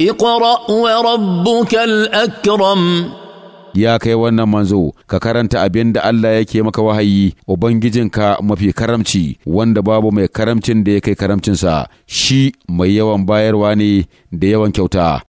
اقرأ وربك الأكرم ya kai wannan manzo ka karanta abin da Allah yake maka wahayi ubangijinka mafi karamci wanda babu mai karamcin da ya kai karamcinsa shi mai yawan bayarwa ne da yawan kyauta